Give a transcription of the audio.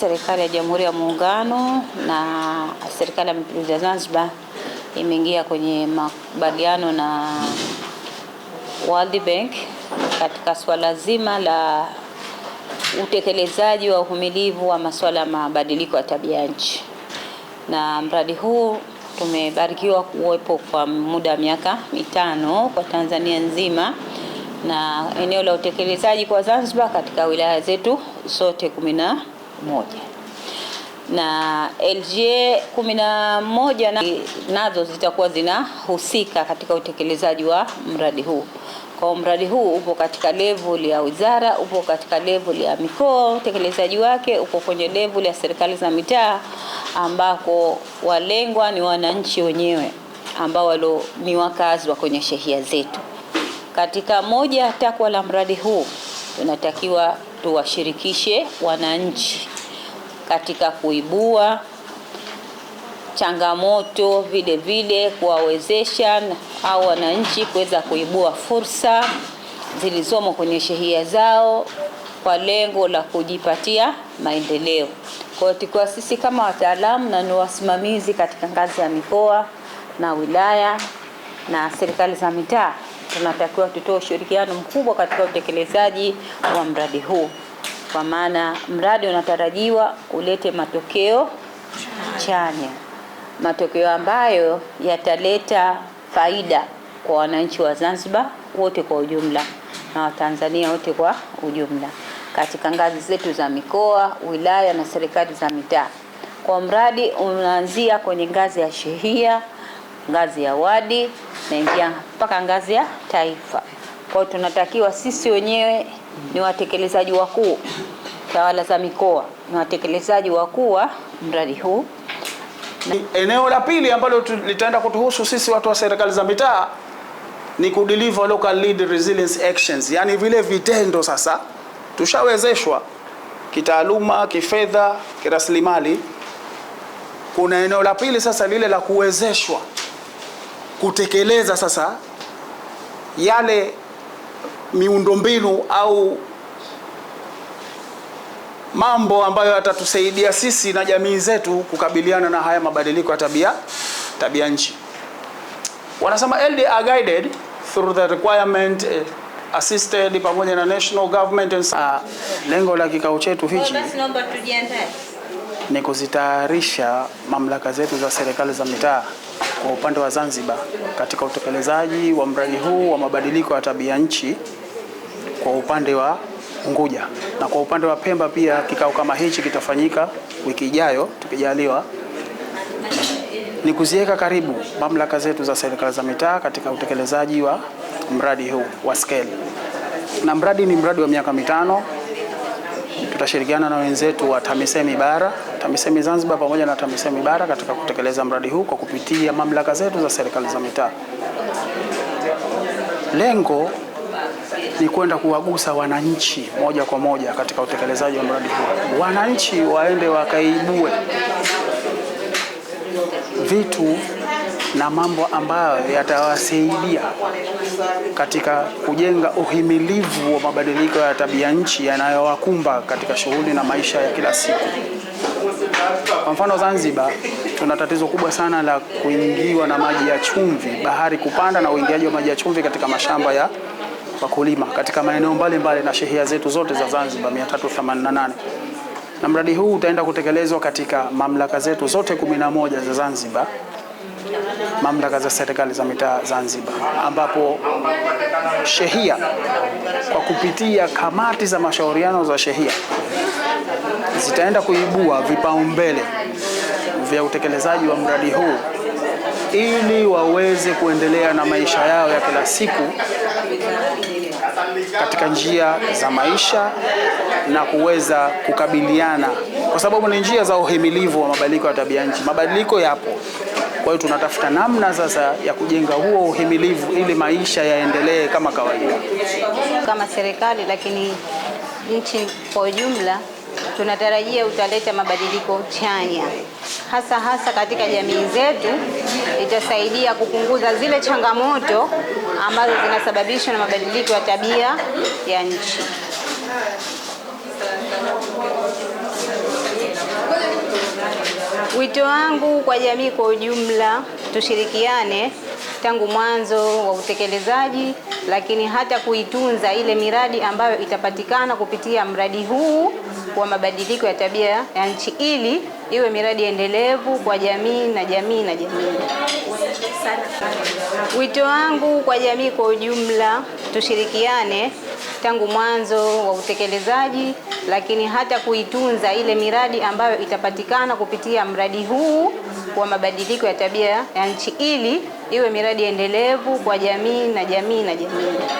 serikali ya Jamhuri ya Muungano na serikali ya Mapinduzi ya Zanzibar imeingia kwenye makubaliano na World Bank katika swala zima la utekelezaji wa uhimilivu wa masuala ya mabadiliko ya tabia nchi, na mradi huu tumebarikiwa kuwepo kwa muda wa miaka mitano kwa Tanzania nzima na eneo la utekelezaji kwa Zanzibar katika wilaya zetu zote kumi na moja na LGA kumi na moja na, nazo zitakuwa zinahusika katika utekelezaji wa mradi huu. Kwa mradi huu upo katika level ya wizara, upo katika level ya mikoa, utekelezaji wake upo kwenye level ya serikali za mitaa, ambako walengwa ni wananchi wenyewe ambao walo ni wakazi wa kwenye shehia zetu. Katika moja takwa la mradi huu tunatakiwa tuwashirikishe wananchi katika kuibua changamoto, vile vile kuwawezesha au wananchi kuweza kuibua fursa zilizomo kwenye shehia zao kwa lengo la kujipatia maendeleo. Kwa hiyo tukiwa sisi kama wataalamu na ni wasimamizi katika ngazi ya mikoa na wilaya na serikali za mitaa tunatakiwa tutoe ushirikiano mkubwa katika utekelezaji wa mradi huu kwa maana mradi unatarajiwa ulete matokeo chanya, matokeo ambayo yataleta faida kwa wananchi wa Zanzibar wote kwa ujumla na Watanzania wote kwa ujumla katika ngazi zetu za mikoa, wilaya na serikali za mitaa. Kwa mradi unaanzia kwenye ngazi ya shehia, ngazi ya wadi, naingia mpaka ngazi ya taifa. Kwa hiyo tunatakiwa sisi wenyewe ni watekelezaji wakuu, tawala za mikoa ni watekelezaji wakuu wa mradi huu. Eneo la pili ambalo litaenda kutuhusu sisi watu wa serikali za mitaa ni kudeliver local lead resilience actions, yani vile vitendo sasa tushawezeshwa kitaaluma, kifedha, kiraslimali. Kuna eneo la pili sasa lile la kuwezeshwa kutekeleza sasa yale miundombinu au mambo ambayo yatatusaidia sisi na jamii zetu kukabiliana na haya mabadiliko ya tabia tabia nchi. Wanasema LDA are guided through the requirement eh, assisted pamoja na national government and... Uh, lengo la kikao chetu hichi ni kuzitayarisha mamlaka zetu za serikali za mitaa kwa upande wa Zanzibar katika utekelezaji wa mradi huu wa mabadiliko ya tabia nchi kwa upande wa Unguja na kwa upande wa Pemba pia kikao kama hichi kitafanyika wiki ijayo tukijaliwa, ni kuziweka karibu mamlaka zetu za serikali za mitaa katika utekelezaji wa mradi huu wa SCALE. Na mradi ni mradi wa miaka mitano. Tutashirikiana na wenzetu wa TAMISEMI Bara, TAMISEMI Zanzibar pamoja na TAMISEMI Bara katika kutekeleza mradi huu kwa kupitia mamlaka zetu za serikali za mitaa. Lengo ni kwenda kuwagusa wananchi moja kwa moja katika utekelezaji wa mradi huu. Wananchi waende wakaibue vitu na mambo ambayo yatawasaidia katika kujenga uhimilivu wa mabadiliko ya tabia nchi yanayowakumba katika shughuli na maisha ya kila siku. Kwa mfano, Zanzibar tuna tatizo kubwa sana la kuingiwa na maji ya chumvi, bahari kupanda na uingiaji wa maji ya chumvi katika mashamba ya wakulima katika maeneo mbalimbali na shehia zetu zote za Zanzibar 388 na mradi huu utaenda kutekelezwa katika mamlaka zetu zote 11 za Zanzibar, mamlaka za serikali za mitaa Zanzibar, ambapo shehia kwa kupitia kamati za mashauriano za shehia zitaenda kuibua vipaumbele vya utekelezaji wa mradi huu ili waweze kuendelea na maisha yao ya kila siku katika njia za maisha na kuweza kukabiliana, kwa sababu ni njia za uhimilivu wa mabadiliko ya tabia nchi. Mabadiliko yapo, kwa hiyo tunatafuta namna sasa ya kujenga huo uhimilivu ili maisha yaendelee kama kawaida, kama serikali, lakini nchi kwa ujumla tunatarajia utaleta mabadiliko chanya, hasa hasa katika jamii zetu. Itasaidia kupunguza zile changamoto ambazo zinasababishwa na mabadiliko ya tabia ya nchi. Wito wangu kwa jamii kwa ujumla, tushirikiane tangu mwanzo wa utekelezaji, lakini hata kuitunza ile miradi ambayo itapatikana kupitia mradi huu wa mabadiliko ya tabia ya nchi ili iwe miradi endelevu kwa jamii na jamii na jamii. Wito wangu kwa jamii kwa ujumla, tushirikiane tangu mwanzo wa utekelezaji, lakini hata kuitunza ile miradi ambayo itapatikana kupitia mradi huu wa mabadiliko ya tabia ya nchi ili iwe miradi endelevu kwa jamii na jamii na jamii.